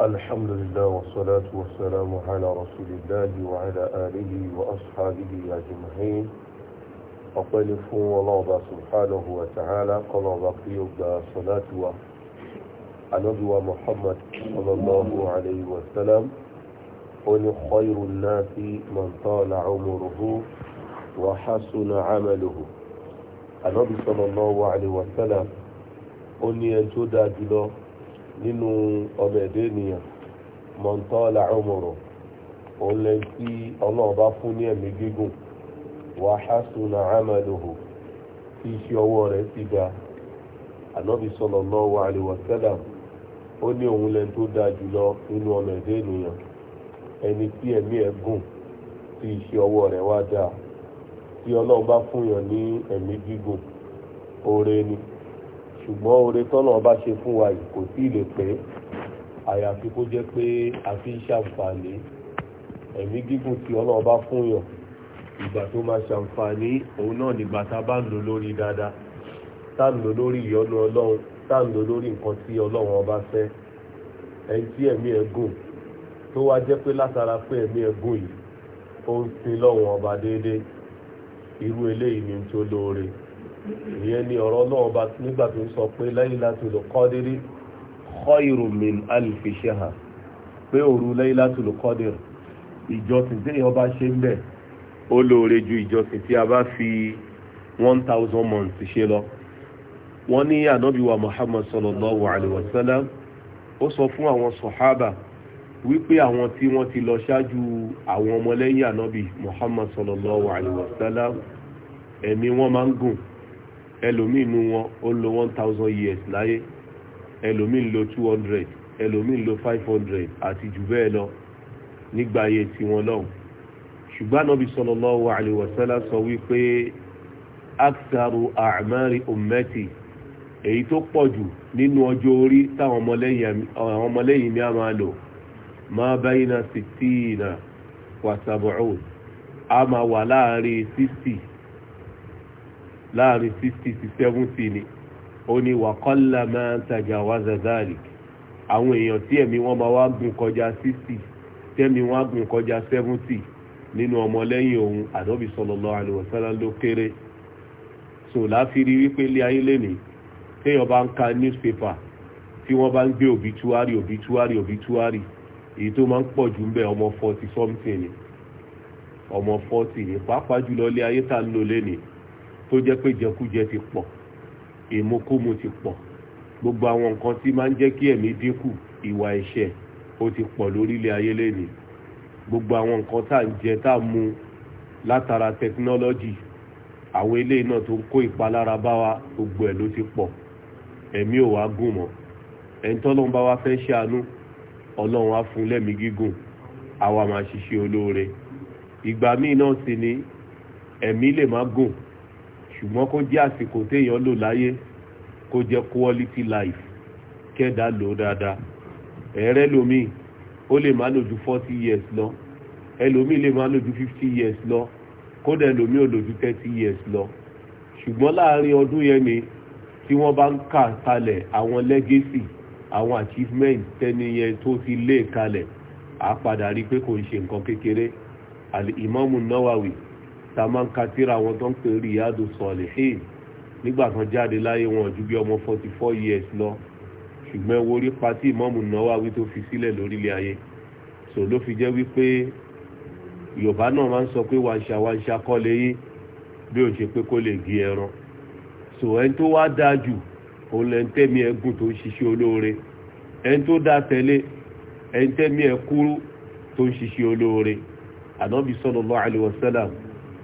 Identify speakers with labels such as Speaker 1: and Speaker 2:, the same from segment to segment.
Speaker 1: الحمد لله والصلاة والسلام على رسول الله وعلى آله وأصحابه أجمعين ọpẹ́ ni fún ọlọ́ọ̀bá subhanahu wa ta'ala kọlọ̀ọ̀bá kí ó gba sọ́láti wa anọ́bíwa muhammad sallallahu alayhi wa sallam ó ní khayru nasi man tala umuruhu wa hasuna amaluhu anọ́bí sallallahu alayhi wa sallam ó ní ẹni tó dáa jùlọ nínú ọbẹ̀ èdè ènìyàn mọ̀ntọ́lá ọmọrọ̀ òun lè tí ọlọ́ọ̀bá fún ní ẹ̀mí gígùn wà hásùnà àmàlòhò tí iṣẹ́ ọwọ́ rẹ̀ ti ga ànábì sallallahu alaihi wasallam ó ní òun lẹ́ni tó dáa jùlọ nínú ọmọ èdè ènìyàn ẹni tí ẹ̀mí ẹ̀ gùn tí iṣẹ́ ọwọ́ rẹ̀ wá dáa tí ọlọ́ọ̀bá fún yàn ní ẹ̀mí gígùn oore ni. ṣùgbọ́n oore tọ́nà ọba ṣe fún wa yìí kò tí ì lè pẹ́ àyàfi kó jẹ́ pé a fi ń ṣàǹfààní ẹ̀mí gígùn tí ọlọ́run bá fún yàn ìgbà tó máa ṣàǹfààní òun náà nígbà tá a bá ń lò lórí dáadáa tá a ń lò lórí ìyọ́nú ọlọ́run tá a ń lò lórí nǹkan tí ọlọ́run ọba fẹ́ ẹni tí ẹ̀mí ẹ̀ gùn tó wá jẹ́ pé látara pé ẹ̀mí ẹ̀ gùn yìí ó ń sin lọ́run ọba déédéé irú eléyìí ni tó lóore ìyẹn ni ọ̀rọ̀ náà bá nígbà tó sọ pé Laylatul Qadri khayrun min alfi shahr pé òru Laylatul Qadri ìjọsìn tí èèyàn bá ṣe ń bẹ̀ ó lóore ju ìjọsìn tí a bá fi one thousand months ṣe lọ wọ́n ní ànábìwá Muhammad sallallahu alayhi wa sallam ó sọ fún àwọn sọ̀hábà wípé àwọn tí wọ́n ti lọ ṣáájú àwọn ọmọlẹ́yìn ànábì Muhammad sallallahu alayhi wa sallam ẹ̀mí wọn máa ń gùn ẹlòmíì nu wọn ó lo one thousand years láyé ẹlòmíì lo two hundred ẹlòmíì lo five hundred àti jù bẹ́ẹ̀ lọ nígbà ayé tiwọn lọ́hùn ṣùgbọ́n Ànábì sallallahu alaihi wasallam sọ wípé aksaru a'mari ummati èyí tó pọ̀ jù nínú ọjọ́ orí táwọn ọmọlẹ́yìn mi a máa lò máa bayna sittina wa sab'un a máa wà láàrin sixty láàrin sixty sí seventy ni ó ní wàkọ́lá máa ń tajà wá zazali àwọn èèyàn tí ẹ̀mí wọn máa wá gùn kọjá sixty tẹ́mi wọn á gùn kọjá seventy nínú ọmọlẹ́yìn òun àdọ́bí sallallahu alaihi wasallam ló kéré so láfiri wípé ilé ayé lẹ́nìí téèyàn bá ń ka newspaper tí wọ́n bá ń gbé obituary obituary obituary èyí tó máa ń pọ̀ jù ń bẹ ọmọ forty something ni ọmọ forty ni pàápàá jùlọ ilé ayé tá ń lò lẹ́nìí tó jẹ́ pé jẹkújẹ ti pọ̀ ìmukúmu ti pọ̀ gbogbo àwọn nǹkan tí máa ń jẹ́ kí ẹ̀mí dínkù ìwà ẹ̀ṣẹ̀ ó ti pọ̀ lórílẹ̀ ayé lénìí gbogbo àwọn nǹkan tá à ń jẹ tá à ń látara tẹkinọ́lọ́jì àwọn eléyìí náà tó ń kó ìpalára bá wa gbogbo ẹ̀ ló ti pọ̀ ẹ̀mí ò wá gùn mọ́ ẹni tọ́lọ́run bá wá fẹ́ ṣàánú ọlọ́run á fún lẹ́mí gígùn àwa máa ṣiṣẹ́ olóore ìgbà míì náà sì ni ẹ̀mí lè má gùn ṣùgbọ́n kó jẹ́ àsìkò téèyàn lò láyé kó jẹ́ quality life kẹ́ẹ̀dá lò ó dáadáa ẹ̀rẹ́ lomi ó lè má lò ju forty years lọ ẹlòmí lè má lò ju fifty years lọ kódà ẹlòmí ò lò ju thirty years lọ ṣùgbọ́n láàárín ọdún yẹn ni tí wọ́n bá ń kà kalẹ̀ àwọn legacy àwọn achievement tẹ́ni yẹn tó ti lé kalẹ̀ àá padà rí i pé kò ń ṣe nǹkan kékeré al-Imam Nawawi tá a máa ń ka tírà àwọn tó ń pè Riyadu Salihin nígbà kan jáde láyé wọn ju bí ọmọ forty four years lọ ṣùgbọ́n ewu orí pa tí Ìmáàmù Nawawi tó fi sílẹ̀ lórílẹ̀ ayé so ló fi jẹ́ wípé Yorùbá náà máa ń sọ pé wàṣà wàṣà kọ́ lẹ́yìn bí o ṣe pé kó lè gé ẹran so ẹni tó wá dáa jù òun lẹ́ńtẹ́mi ẹ̀gùn tó ń ṣiṣẹ́ olóore ẹni tó dáa tẹ̀lé ẹni tẹ́mi ẹ̀kúrú tó ń ṣiṣẹ́ olóore ànábì sallallahu alaihi wasallam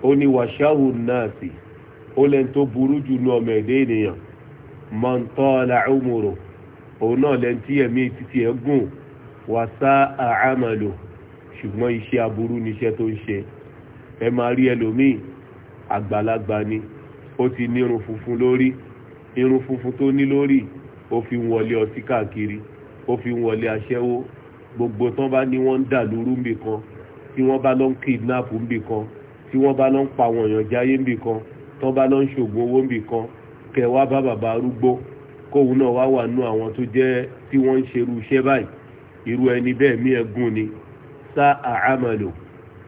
Speaker 1: ó ní wàṣáhù náàsì ó lẹ́ni tó burú jù ní ọmọ ẹ̀dẹ́ ènìyàn mọ̀ntọ́lá ọmọrò òun náà lẹ́ni tí ẹ̀mí títí ẹ̀ gùn wàsá àmàlò ṣùgbọ́n iṣẹ́ aburú níṣẹ́ tó ń ṣe ẹ máa rí ẹlòmíì àgbàlagbà ni ó ti ní irun funfun lórí irun funfun tó ní lórí ó fi ń wọlé ọtí káàkiri ó fi ń wọlé aṣẹ́wó gbogbo tán bá ní wọ́n ń dà lóru mbì tí wọ́n bá lọ kidnap mbì tí wọ́n bá lọ ń pa àwọn èèyàn jáyé níbì kan tó bá lọ ń ṣògùn owó níbì kan kẹ wá bá bàbá arúgbó kóun náà wá wà nú àwọn tó jẹ́ tí wọ́n ń ṣerú iṣẹ́ báyìí irú ẹni bẹ́ẹ̀ mí ẹgún ni sá àhámàlò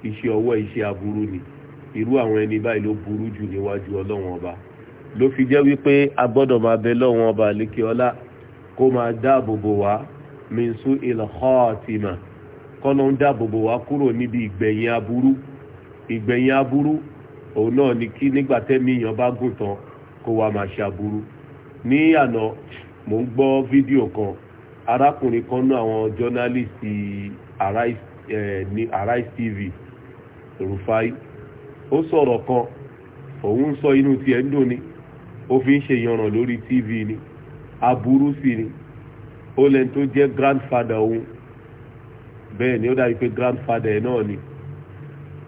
Speaker 1: iṣẹ́ ọwọ́ iṣẹ́ aburú ni irú àwọn ẹni báyìí ló burú jù níwájú ọlọ́wọ́n ọba ló fi jẹ́ wípé a gbọ́dọ̀ máa bẹ lọ́wọ́n ọba lékè ọlá kó máa dáàbò bò wá min su il khatima kọ́nà ń dáàbò bò wá kúrò níbi ìgbẹ̀yìn aburú ìgbẹ̀yìn aburú òun náà ni kí nígbà tẹ́mi èèyàn bá gùn tán kó wa máa ṣe aburú ní àná mò ń gbọ́ fídíò kan arákùnrin kan náà àwọn jọ́nálìsì Arise TV Rufai ó sọ̀rọ̀ kan òun sọ inú tiẹ̀ ń dùn ni ó fi ń ṣe ìyanràn lórí tv ni aburú sí ni ó lẹ́ni tó jẹ́ grandfather òun bẹ́ẹ̀ ni ó dàbí pé grandfather ẹ̀ náà ni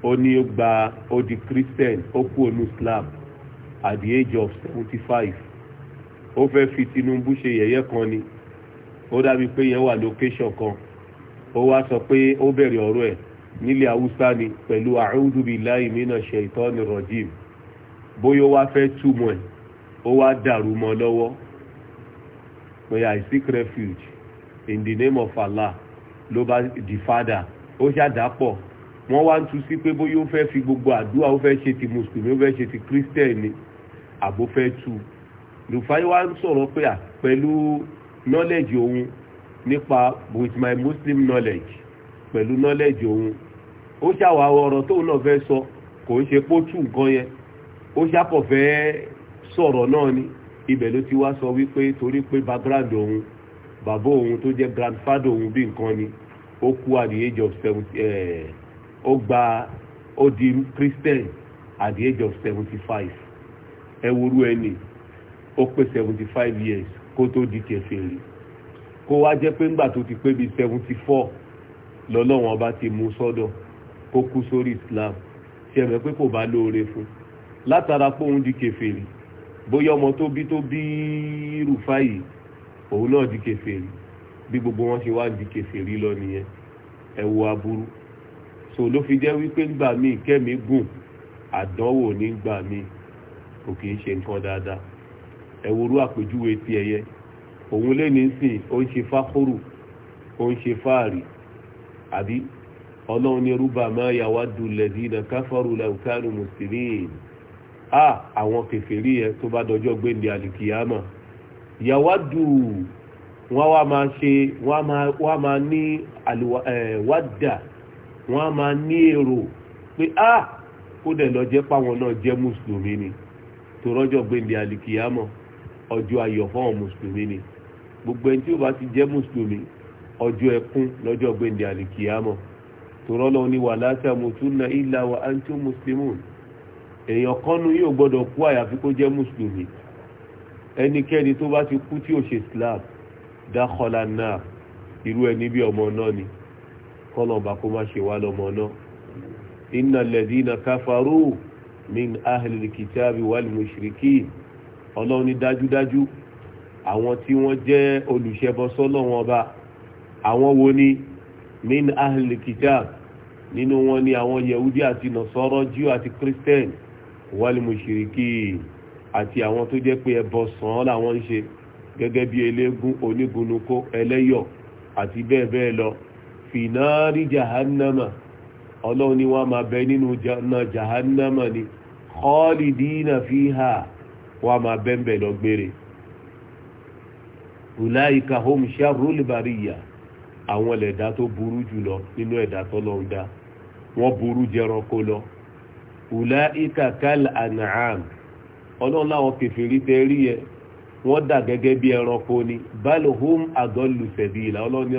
Speaker 1: ó ní ó gba ó di christian ó kú onú Islam at the age of seventy five ó fẹ́ fi Tinubu ṣe yẹ̀yẹ́ kan ni ó dàbí pé yẹn wà location kan ó wá sọ pé ó bẹ̀rẹ̀ ọ̀rọ̀ ẹ̀ nílẹ̀ haúsá ni pẹ̀lú a'udhu billahi minash shaitani rajim bóyá ó wá fẹ́ túmọ̀ ẹ̀ ó wá dàrú mọ́ lọ́wọ́ pé I seek refuge in the name of Allah ló bá di fada ó ṣàdápọ̀ wọ́n wá ń tu sí pé bóyá ó fẹ́ fi gbogbo àdúrà ó fẹ́ ṣe ti mùsùlùmí ó fẹ́ ṣe ti kírísítẹ́ẹ̀nì àbó fẹ́ tu Rufai wá ń sọ̀rọ̀ pé à pẹ̀lú knowledge òun nípa with my muslim knowledge pẹ̀lú knowledge òun ó ṣàwà ọ̀rọ̀ tóun náà fẹ́ sọ kò ń ṣe pótù nǹkan yẹn ó ṣàkọ̀ fẹ́ sọ̀rọ̀ náà ni ibẹ̀ ló ti wá sọ wípé torí pé background òun bàbá òun tó jẹ́ grandfather òun bí nǹkan ni ó kú at the age of seventy. Eh, ó gba ó di christian at the age of seventy five ẹ worú ẹni ó pé seventy five years kó tó di kèfèrí kó wá jẹ́ pé ńgbà tó ti pé bíi seventy four lọ́lọ́wọ́n ọba ti mú sọ́dọ̀ kó kú sórí islam ṣe mẹ́ pé kò bá lóore fún látara pé òun di kèfèrí bóyá ọmọ tó bí tó bí rúfáì òun náà di kèfèrí bí gbogbo wọn ṣe wá di kèfèrí lọ nìyẹn ẹ wo aburú so ló fi jẹ́ wípé ńgbà míì kẹ́mi gùn àdánwò nígbà míì kò kì í ṣe nǹkan dáadáa ẹ̀wòrú àpèjúwe ti ẹ̀yẹ òun lè ní sìn ó ń ṣe fákòrò ó ń ṣe fáàrí àbí ọlọ́run ní rúbà máa yà wá dulẹ̀ sí iná káfọ́rù làwùkánù mùsùlùmí à àwọn kèfèrí yẹn tó bá dọjọ́ gbéǹde àlìkìyàmà yà wá wá máa ṣe wọ́n máa ní àlùwádà wọ́n á máa ní èrò pé á ah, kó dẹ̀ lọ jẹ́ páwọn náà jẹ́ mùsùlùmí ni tó rọ́jọ́ gbèndé àlìkìyàmọ̀ ọjọ́ ayọ̀ fáwọn mùsùlùmí ni gbogbo ẹni tí ó bá ti jẹ́ mùsùlùmí ọjọ́ ẹkún lọ́jọ́ gbèndé àlìkìyàmọ̀ tó rọ́lọ́ ní wala tamutunna illa wa antum muslimun èèyàn kọ́nu yóò gbọ́dọ̀ kú àyàfi kó jẹ́ mùsùlùmí ẹnikẹ́ni tó bá ti kú tí ò ṣe islam dákọ́lá náà irú ẹni bí ọmọ náà ni kọ́nà ọba kó má ṣe wá lọ́mọ náà inna alladhina kafaru min ahlil kitabi wal mushrikin ọlọ́run ní dájúdájú àwọn tí wọ́n jẹ́ olùṣẹbọ sọ́lọ́run ọba àwọn wo ni min ahlil kitab nínú wọn ni àwọn yehudi àti nasọrọ jíò àti christian wal mushrikin àti àwọn tó jẹ́ pé ẹbọ sàn án ń ṣe gẹ́gẹ́ bí eléégún onígunukó ẹlẹ́yọ̀ àti bẹ́ẹ̀ bẹ́ẹ̀ lọ fìnáàrí jahannama ọlọ́run ni wọ́n bẹ nínú náà jahannama ni khalidina fiha wọ́n máa bẹ́ẹ̀ lọ́gbére ulaika hum sharrul bariya àwọn ẹ̀dá tó burú jùlọ nínú ẹ̀dá tọ́lọ́run dá wọ́n burú lọ kal wọ́n dà gẹ́gẹ́ bí ni balhum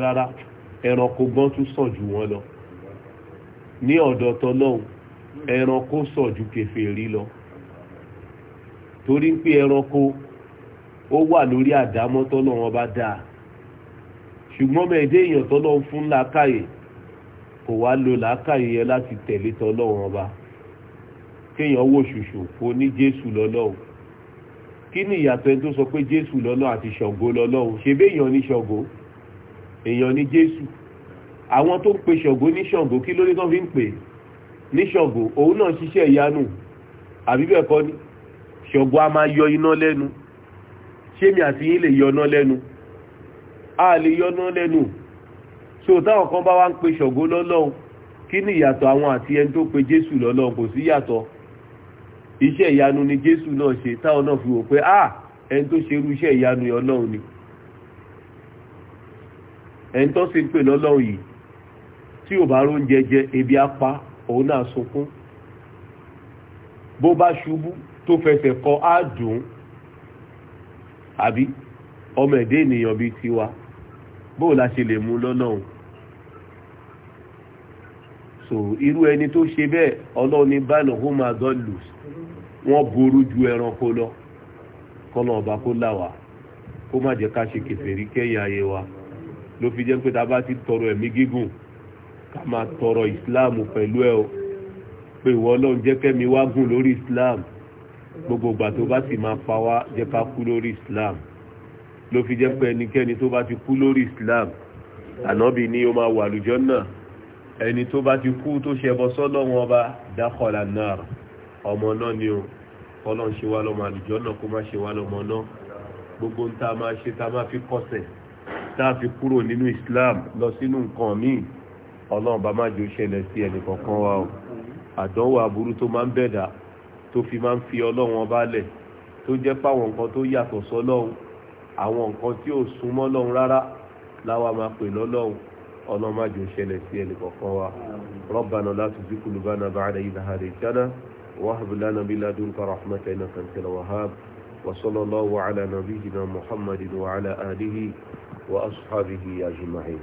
Speaker 1: rárá ẹranko gan tún sàn jù wọn lọ ní ọ̀dọ̀ tọlọ́hun ẹranko sàn jù kèfèrí lọ torí pé ẹranko ó wà lórí àdámọ́ tọ́lọ́wọ́n bá dáa ṣùgbọ́n mẹ́ẹ̀dé èèyàn tọ́lọ́wọ́n fún làákàyè kò wá lo làákàyè yẹn láti tẹ̀lé tọ́lọ́wọ́n bá kéèyàn wò ṣùṣù kó ní jésù lọ́lọ́hun kí ni ìyàtọ̀ ẹni tó sọ pé jésù lọ́lọ́hun àti ṣàngó lọ́lọ́hun ṣe béèyàn ní ṣàngó èèyàn ni jésù àwọn tó pe ṣọ̀gbó ní ṣọ̀gbó kí ló ní tán fi ń pè ní ṣọ̀gbó òun náà ṣiṣẹ́ ìyanu àbí bẹ́ẹ̀ kọ́ ni ṣọ̀gbó a máa yọ iná lẹ́nu ṣémi àti yín lè yọná lẹ́nu a lè yọná lẹ́nu so táwọn kan bá wá ń pe ṣọ̀gbó lọ́lọ́run kí ni ìyàtọ̀ àwọn àti ẹni tó pe jésù lọ́lọ́run kò sí yàtọ̀ iṣẹ́ ìyanu ni jésù náà ṣe táwọn náà fi wò pé ah ẹni tó ṣerú iṣẹ́ ìyanu ọlọ́run ni ẹni tó sì ń pè lọ́lọ́run yìí tí ò bá róúnjẹ jẹ ebi apá òun náà sunkún bó bá ṣubú tó fẹsẹ̀ kọ á àbí ọmọ ẹ̀dẹ́ ènìyàn bíi tiwa bóò la ṣe lè mú lọ́lọ́run so irú ẹni tó ṣe bẹ́ẹ̀ ọlọ́run ní báyìí hó máa gán lù wọ́n ború ju ẹranko lọ kọ́nà ọba kó láwàá kó má jẹ́ ká ṣe kèfèrí kẹ́yìn ayé wa ló fi jẹ́ pé tá a bá ti tọrọ ẹ̀mí gígùn ká máa tọrọ islam pẹ̀lú ẹ o pé ìwọ ọlọ́run jẹ́ kẹ́mi wá gùn lórí islam gbogbo ìgbà tó bá sì máa pa wá jẹ́ ká kú lórí islam ló fi jẹ́ pé ẹnikẹ́ni tó bá ti kú lórí islam ànábì ni ó máa wà lùjọ́ náà ẹni tó bá ti kú tó ṣẹbọ sọ́dọ̀ wọn bá dákọ̀lá náà ọmọ náà ni o ọlọ́run ṣe wá lọ́mọ àlùjọ́ náà kó má ṣe wá lọ́mọ náà gbogbo ń tá máa ṣe tá máa fi kọ́sẹ̀ tá a fi kúrò nínú islam lọ sínú nǹkan míì ọlọ́run bá má jò ṣẹlẹ̀ sí ẹnì kankan wa o àdánwò aburú tó máa ń bẹ̀dà tó fi máa ń fi ọlọ́run ọba lẹ̀ tó jẹ́ fáwọn nǹkan tó yàtọ̀ sọ́lọ́run àwọn nǹkan tí ò súnmọ́ lọ́run rárá láwa máa pè lọ́lọ́run ọlọ́run má jò ṣẹlẹ̀ sí ẹnì kankan wa rabbana la tuzigh qulubana ba'da idh hadaytana wa hab lana min ladunka rahmatan innaka وأصحابه أجمعين